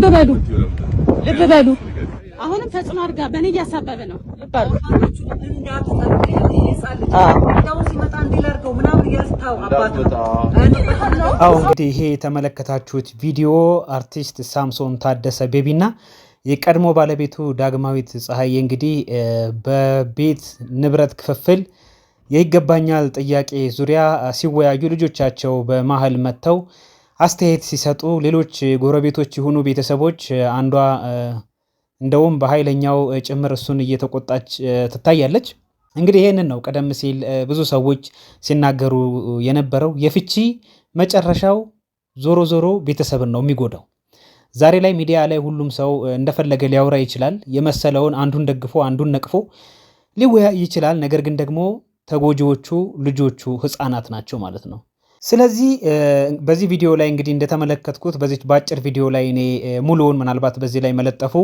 ልብ በሉ፣ ልብ በሉ። አሁንም ተጽዕኖ አድርጋ በእኔ እያሳበበ ነው። ልብ በሉ። አዎ እንግዲህ ይሄ የተመለከታችሁት ቪዲዮ አርቲስት ሳምሶን ታደሰ ቤቢና የቀድሞ ባለቤቱ ዳግማዊት ፀሐዬ እንግዲህ በቤት ንብረት ክፍፍል የይገባኛል ጥያቄ ዙሪያ ሲወያዩ ልጆቻቸው በመሀል መጥተው አስተያየት ሲሰጡ ሌሎች ጎረቤቶች የሆኑ ቤተሰቦች አንዷ እንደውም በኃይለኛው ጭምር እሱን እየተቆጣች ትታያለች። እንግዲህ ይህንን ነው ቀደም ሲል ብዙ ሰዎች ሲናገሩ የነበረው የፍቺ መጨረሻው ዞሮ ዞሮ ቤተሰብን ነው የሚጎዳው። ዛሬ ላይ ሚዲያ ላይ ሁሉም ሰው እንደፈለገ ሊያወራ ይችላል። የመሰለውን አንዱን ደግፎ አንዱን ነቅፎ ሊወያይ ይችላል። ነገር ግን ደግሞ ተጎጂዎቹ ልጆቹ ህፃናት ናቸው ማለት ነው። ስለዚህ በዚህ ቪዲዮ ላይ እንግዲህ እንደተመለከትኩት በዚህ በአጭር ቪዲዮ ላይ እኔ ሙሉውን ምናልባት በዚህ ላይ መለጠፉ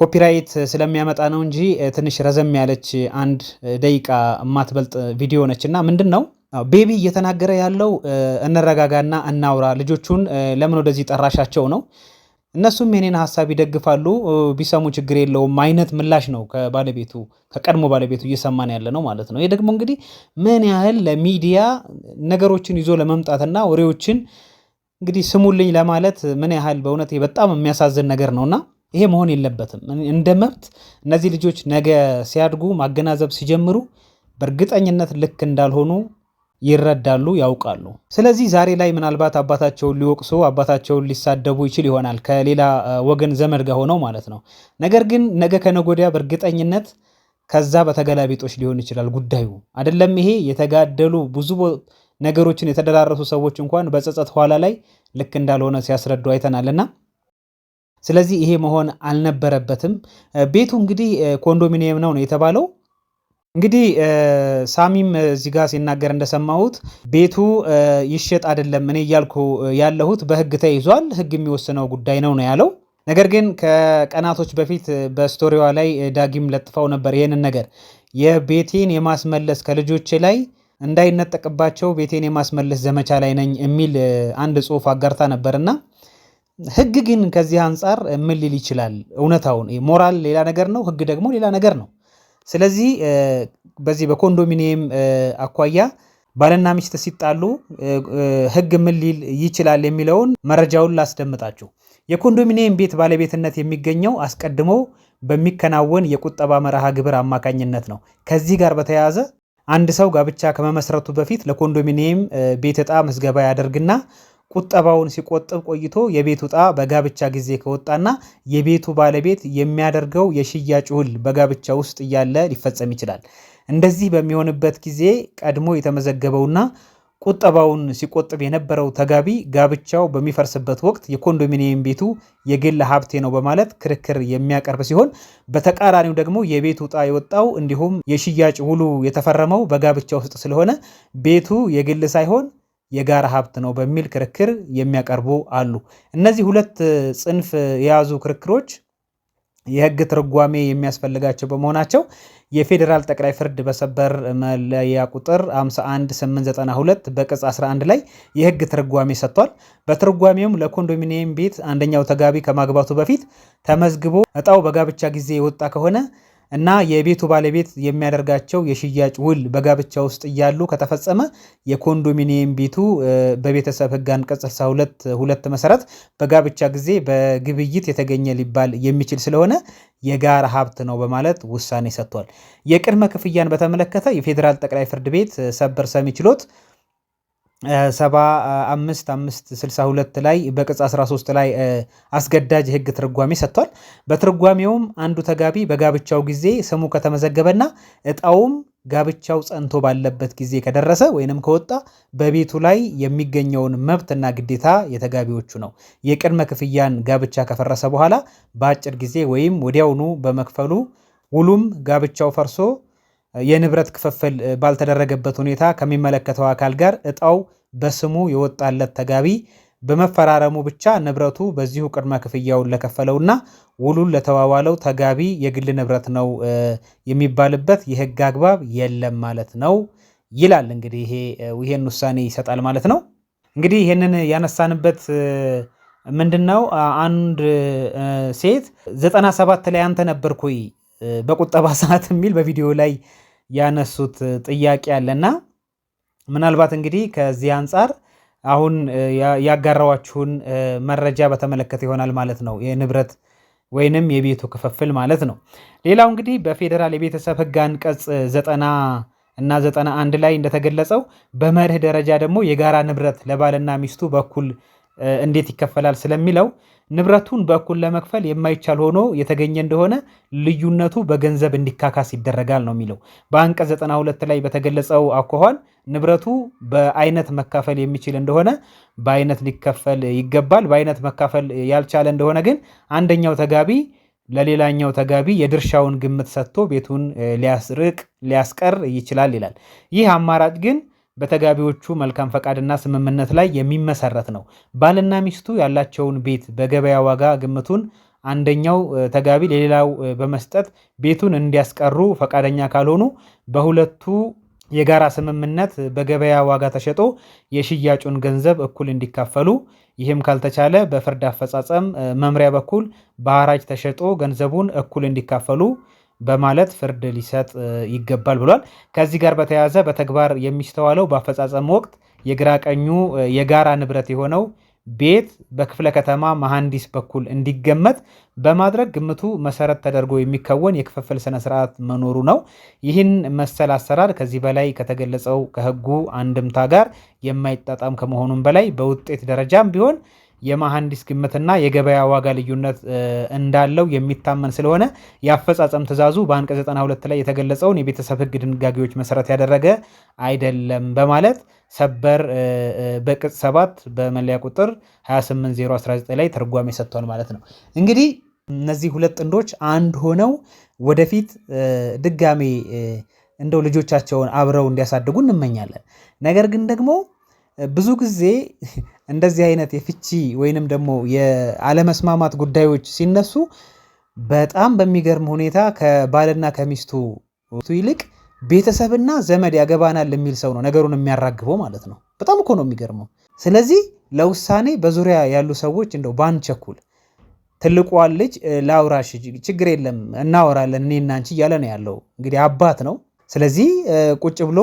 ኮፒራይት ስለሚያመጣ ነው እንጂ ትንሽ ረዘም ያለች አንድ ደቂቃ የማትበልጥ ቪዲዮ ነች እና ምንድን ነው ቤቢ እየተናገረ ያለው እንረጋጋና እናውራ፣ ልጆቹን ለምን ወደዚህ ጠራሻቸው ነው እነሱም የኔን ሀሳብ ይደግፋሉ። ቢሰሙ ችግር የለውም አይነት ምላሽ ነው ከባለቤቱ ከቀድሞ ባለቤቱ እየሰማን ያለ ነው ማለት ነው። ይህ ደግሞ እንግዲህ ምን ያህል ለሚዲያ ነገሮችን ይዞ ለመምጣትና ወሬዎችን እንግዲህ ስሙልኝ ለማለት ምን ያህል በእውነት በጣም የሚያሳዝን ነገር ነውና ይሄ መሆን የለበትም። እንደ መብት እነዚህ ልጆች ነገ ሲያድጉ ማገናዘብ ሲጀምሩ በእርግጠኝነት ልክ እንዳልሆኑ ይረዳሉ፣ ያውቃሉ። ስለዚህ ዛሬ ላይ ምናልባት አባታቸውን ሊወቅሱ አባታቸውን ሊሳደቡ ይችል ይሆናል ከሌላ ወገን ዘመድ ጋር ሆነው ማለት ነው። ነገር ግን ነገ ከነጎዲያ በእርግጠኝነት ከዛ በተገላቢጦች ሊሆን ይችላል ጉዳዩ አይደለም። ይሄ የተጋደሉ ብዙ ነገሮችን የተደራረሱ ሰዎች እንኳን በጸጸት ኋላ ላይ ልክ እንዳልሆነ ሲያስረዱ አይተናልና ስለዚህ ይሄ መሆን አልነበረበትም። ቤቱ እንግዲህ ኮንዶሚኒየም ነው ነው የተባለው እንግዲህ ሳሚም እዚህ ጋር ሲናገር እንደሰማሁት ቤቱ ይሸጥ አይደለም እኔ እያልኩ ያለሁት በህግ ተይዟል፣ ህግ የሚወስነው ጉዳይ ነው ነው ያለው። ነገር ግን ከቀናቶች በፊት በስቶሪዋ ላይ ዳጊም ለጥፋው ነበር ይህንን ነገር የቤቴን የማስመለስ ከልጆቼ ላይ እንዳይነጠቅባቸው ቤቴን የማስመለስ ዘመቻ ላይ ነኝ የሚል አንድ ጽሑፍ አጋርታ ነበርና ህግ ግን ከዚህ አንጻር ምን ሊል ይችላል? እውነታውን ሞራል ሌላ ነገር ነው፣ ህግ ደግሞ ሌላ ነገር ነው። ስለዚህ በዚህ በኮንዶሚኒየም አኳያ ባልና ሚስት ሲጣሉ ህግ ምን ሊል ይችላል የሚለውን መረጃውን ላስደምጣችሁ። የኮንዶሚኒየም ቤት ባለቤትነት የሚገኘው አስቀድሞ በሚከናወን የቁጠባ መርሃ ግብር አማካኝነት ነው። ከዚህ ጋር በተያያዘ አንድ ሰው ጋብቻ ከመመስረቱ በፊት ለኮንዶሚኒየም ቤት ዕጣ ምዝገባ ያደርግና ቁጠባውን ሲቆጥብ ቆይቶ የቤት ዕጣ በጋብቻ ጊዜ ከወጣና የቤቱ ባለቤት የሚያደርገው የሽያጭ ውል በጋብቻ ውስጥ እያለ ሊፈጸም ይችላል። እንደዚህ በሚሆንበት ጊዜ ቀድሞ የተመዘገበውና ቁጠባውን ሲቆጥብ የነበረው ተጋቢ ጋብቻው በሚፈርስበት ወቅት የኮንዶሚኒየም ቤቱ የግል ሀብቴ ነው በማለት ክርክር የሚያቀርብ ሲሆን፣ በተቃራኒው ደግሞ የቤቱ ዕጣ የወጣው እንዲሁም የሽያጭ ውሉ የተፈረመው በጋብቻ ውስጥ ስለሆነ ቤቱ የግል ሳይሆን የጋራ ሀብት ነው በሚል ክርክር የሚያቀርቡ አሉ። እነዚህ ሁለት ጽንፍ የያዙ ክርክሮች የህግ ትርጓሜ የሚያስፈልጋቸው በመሆናቸው የፌዴራል ጠቅላይ ፍርድ በሰበር መለያ ቁጥር 51892 በቅጽ 11 ላይ የህግ ትርጓሜ ሰጥቷል። በትርጓሜውም ለኮንዶሚኒየም ቤት አንደኛው ተጋቢ ከማግባቱ በፊት ተመዝግቦ እጣው በጋብቻ ጊዜ የወጣ ከሆነ እና የቤቱ ባለቤት የሚያደርጋቸው የሽያጭ ውል በጋብቻ ውስጥ እያሉ ከተፈጸመ የኮንዶሚኒየም ቤቱ በቤተሰብ ሕግ አንቀጽ 62 ሁለት መሰረት በጋብቻ ጊዜ በግብይት የተገኘ ሊባል የሚችል ስለሆነ የጋራ ሀብት ነው በማለት ውሳኔ ሰጥቷል። የቅድመ ክፍያን በተመለከተ የፌዴራል ጠቅላይ ፍርድ ቤት ሰበር ሰሚ ችሎት ሰባ አምስት አምስት ስልሳ ሁለት ላይ በቅጽ 13 ላይ አስገዳጅ የህግ ትርጓሜ ሰጥቷል። በትርጓሜውም አንዱ ተጋቢ በጋብቻው ጊዜ ስሙ ከተመዘገበና እጣውም ጋብቻው ጸንቶ ባለበት ጊዜ ከደረሰ ወይንም ከወጣ በቤቱ ላይ የሚገኘውን መብትና ግዴታ የተጋቢዎቹ ነው። የቅድመ ክፍያን ጋብቻ ከፈረሰ በኋላ በአጭር ጊዜ ወይም ወዲያውኑ በመክፈሉ ውሉም ጋብቻው ፈርሶ የንብረት ክፍፍል ባልተደረገበት ሁኔታ ከሚመለከተው አካል ጋር እጣው በስሙ የወጣለት ተጋቢ በመፈራረሙ ብቻ ንብረቱ በዚሁ ቅድመ ክፍያውን ለከፈለውና ውሉን ለተዋዋለው ተጋቢ የግል ንብረት ነው የሚባልበት የህግ አግባብ የለም ማለት ነው ይላል። እንግዲህ ይሄ ይሄን ውሳኔ ይሰጣል ማለት ነው። እንግዲህ ይህንን ያነሳንበት ምንድን ነው? አንድ ሴት ዘጠና ሰባት ላይ አንተ ነበርኩኝ በቁጠባ ሰዓት የሚል በቪዲዮ ላይ ያነሱት ጥያቄ አለና ምናልባት እንግዲህ ከዚህ አንጻር አሁን ያጋራዋችሁን መረጃ በተመለከተ ይሆናል ማለት ነው የንብረት ወይንም የቤቱ ክፍፍል ማለት ነው። ሌላው እንግዲህ በፌዴራል የቤተሰብ ሕግ አንቀጽ ዘጠና እና ዘጠና አንድ ላይ እንደተገለጸው በመርህ ደረጃ ደግሞ የጋራ ንብረት ለባልና ሚስቱ በኩል እንዴት ይከፈላል ስለሚለው ንብረቱን በእኩል ለመክፈል የማይቻል ሆኖ የተገኘ እንደሆነ ልዩነቱ በገንዘብ እንዲካካስ ይደረጋል ነው የሚለው። በአንቀጽ 92 ላይ በተገለጸው አኳኋን ንብረቱ በአይነት መካፈል የሚችል እንደሆነ በአይነት ሊከፈል ይገባል። በአይነት መካፈል ያልቻለ እንደሆነ ግን አንደኛው ተጋቢ ለሌላኛው ተጋቢ የድርሻውን ግምት ሰጥቶ ቤቱን ሊያስርቅ ሊያስቀር ይችላል ይላል። ይህ አማራጭ ግን በተጋቢዎቹ መልካም ፈቃድና ስምምነት ላይ የሚመሰረት ነው። ባልና ሚስቱ ያላቸውን ቤት በገበያ ዋጋ ግምቱን አንደኛው ተጋቢ ለሌላው በመስጠት ቤቱን እንዲያስቀሩ ፈቃደኛ ካልሆኑ በሁለቱ የጋራ ስምምነት በገበያ ዋጋ ተሸጦ የሽያጩን ገንዘብ እኩል እንዲካፈሉ፣ ይህም ካልተቻለ በፍርድ አፈጻጸም መምሪያ በኩል በሐራጅ ተሸጦ ገንዘቡን እኩል እንዲካፈሉ በማለት ፍርድ ሊሰጥ ይገባል ብሏል። ከዚህ ጋር በተያያዘ በተግባር የሚስተዋለው በአፈጻጸም ወቅት የግራ ቀኙ የጋራ ንብረት የሆነው ቤት በክፍለ ከተማ መሐንዲስ በኩል እንዲገመት በማድረግ ግምቱ መሰረት ተደርጎ የሚከወን የክፍፍል ስነ ስርዓት መኖሩ ነው። ይህን መሰል አሰራር ከዚህ በላይ ከተገለጸው ከህጉ አንድምታ ጋር የማይጣጣም ከመሆኑም በላይ በውጤት ደረጃም ቢሆን የመሐንዲስ ግምትና የገበያ ዋጋ ልዩነት እንዳለው የሚታመን ስለሆነ የአፈጻጸም ትዕዛዙ በአንቀጽ 92 ላይ የተገለጸውን የቤተሰብ ሕግ ድንጋጌዎች መሰረት ያደረገ አይደለም በማለት ሰበር በቅጽ 7 በመለያ ቁጥር 28019 ላይ ትርጓሜ ሰጥቷል ማለት ነው። እንግዲህ እነዚህ ሁለት ጥንዶች አንድ ሆነው ወደፊት ድጋሜ እንደው ልጆቻቸውን አብረው እንዲያሳድጉ እንመኛለን። ነገር ግን ደግሞ ብዙ ጊዜ እንደዚህ አይነት የፍቺ ወይንም ደግሞ የአለመስማማት ጉዳዮች ሲነሱ በጣም በሚገርም ሁኔታ ከባልና ከሚስቱ ይልቅ ቤተሰብና ዘመድ ያገባናል የሚል ሰው ነው ነገሩን የሚያራግበው ማለት ነው። በጣም እኮ ነው የሚገርመው። ስለዚህ ለውሳኔ በዙሪያ ያሉ ሰዎች እንደው ቸኩል ትልቋን ልጅ ላውራሽ፣ ችግር የለም እናወራለን እኔ እናንቺ እያለ ነው ያለው። እንግዲህ አባት ነው። ስለዚህ ቁጭ ብሎ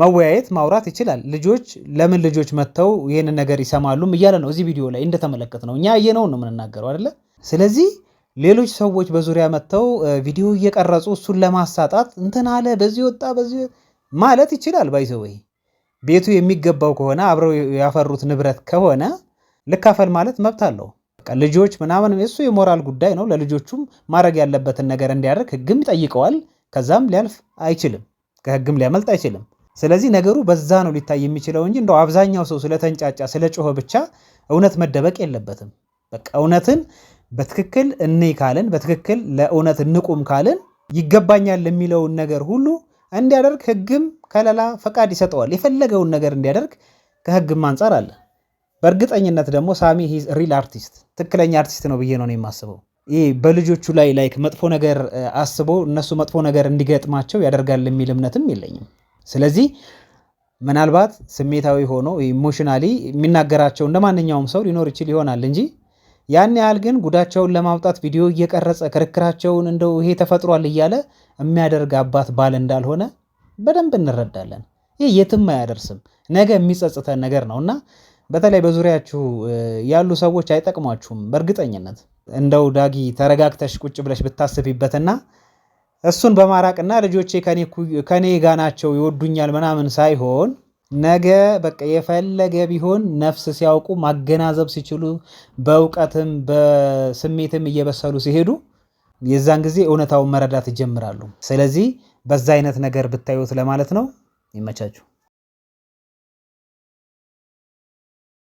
መወያየት ማውራት ይችላል። ልጆች ለምን ልጆች መጥተው ይህንን ነገር ይሰማሉም እያለ ነው እዚህ ቪዲዮ ላይ እንደተመለከት ነው። እኛ እየነውን ነው የምንናገረው አይደለ? ስለዚህ ሌሎች ሰዎች በዙሪያ መጥተው ቪዲዮ እየቀረጹ እሱን ለማሳጣት እንትን አለ በዚህ ወጣ በዚህ ማለት ይችላል። ባይዘወይ ቤቱ የሚገባው ከሆነ አብረው ያፈሩት ንብረት ከሆነ ልካፈል ማለት መብት አለው። ልጆች ምናምን እሱ የሞራል ጉዳይ ነው። ለልጆቹም ማድረግ ያለበትን ነገር እንዲያደርግ ህግም ይጠይቀዋል። ከዛም ሊያልፍ አይችልም፣ ከህግም ሊያመልጥ አይችልም። ስለዚህ ነገሩ በዛ ነው ሊታይ የሚችለው እንጂ እንደው አብዛኛው ሰው ስለተንጫጫ ስለጮኸ ብቻ እውነት መደበቅ የለበትም። በቃ እውነትን በትክክል እንይ ካልን፣ በትክክል ለእውነት እንቁም ካልን ይገባኛል የሚለውን ነገር ሁሉ እንዲያደርግ ህግም ከለላ ፈቃድ ይሰጠዋል። የፈለገውን ነገር እንዲያደርግ ከህግም አንጻር አለ። በእርግጠኝነት ደግሞ ሳሚ ሪል አርቲስት ትክክለኛ አርቲስት ነው ብዬ ነው የማስበው። ይህ በልጆቹ ላይ ላይክ መጥፎ ነገር አስቦ እነሱ መጥፎ ነገር እንዲገጥማቸው ያደርጋል የሚል እምነትም የለኝም። ስለዚህ ምናልባት ስሜታዊ ሆኖ ኢሞሽናሊ የሚናገራቸው እንደ ማንኛውም ሰው ሊኖር ይችል ይሆናል እንጂ ያን ያህል ግን ጉዳቸውን ለማውጣት ቪዲዮ እየቀረጸ ክርክራቸውን እንደው ይሄ ተፈጥሯል እያለ የሚያደርግ አባት ባል እንዳልሆነ በደንብ እንረዳለን። ይህ የትም አያደርስም፣ ነገ የሚጸጽተን ነገር ነው እና በተለይ በዙሪያችሁ ያሉ ሰዎች አይጠቅሟችሁም። በእርግጠኝነት እንደው ዳጊ ተረጋግተሽ ቁጭ ብለሽ ብታስቢበትና እሱን በማራቅና ልጆቼ ከኔ ጋ ናቸው ይወዱኛል ምናምን ሳይሆን ነገ በቃ የፈለገ ቢሆን ነፍስ ሲያውቁ ማገናዘብ ሲችሉ በእውቀትም በስሜትም እየበሰሉ ሲሄዱ የዛን ጊዜ እውነታውን መረዳት ይጀምራሉ። ስለዚህ በዛ አይነት ነገር ብታዩት ለማለት ነው። ይመቻችሁ።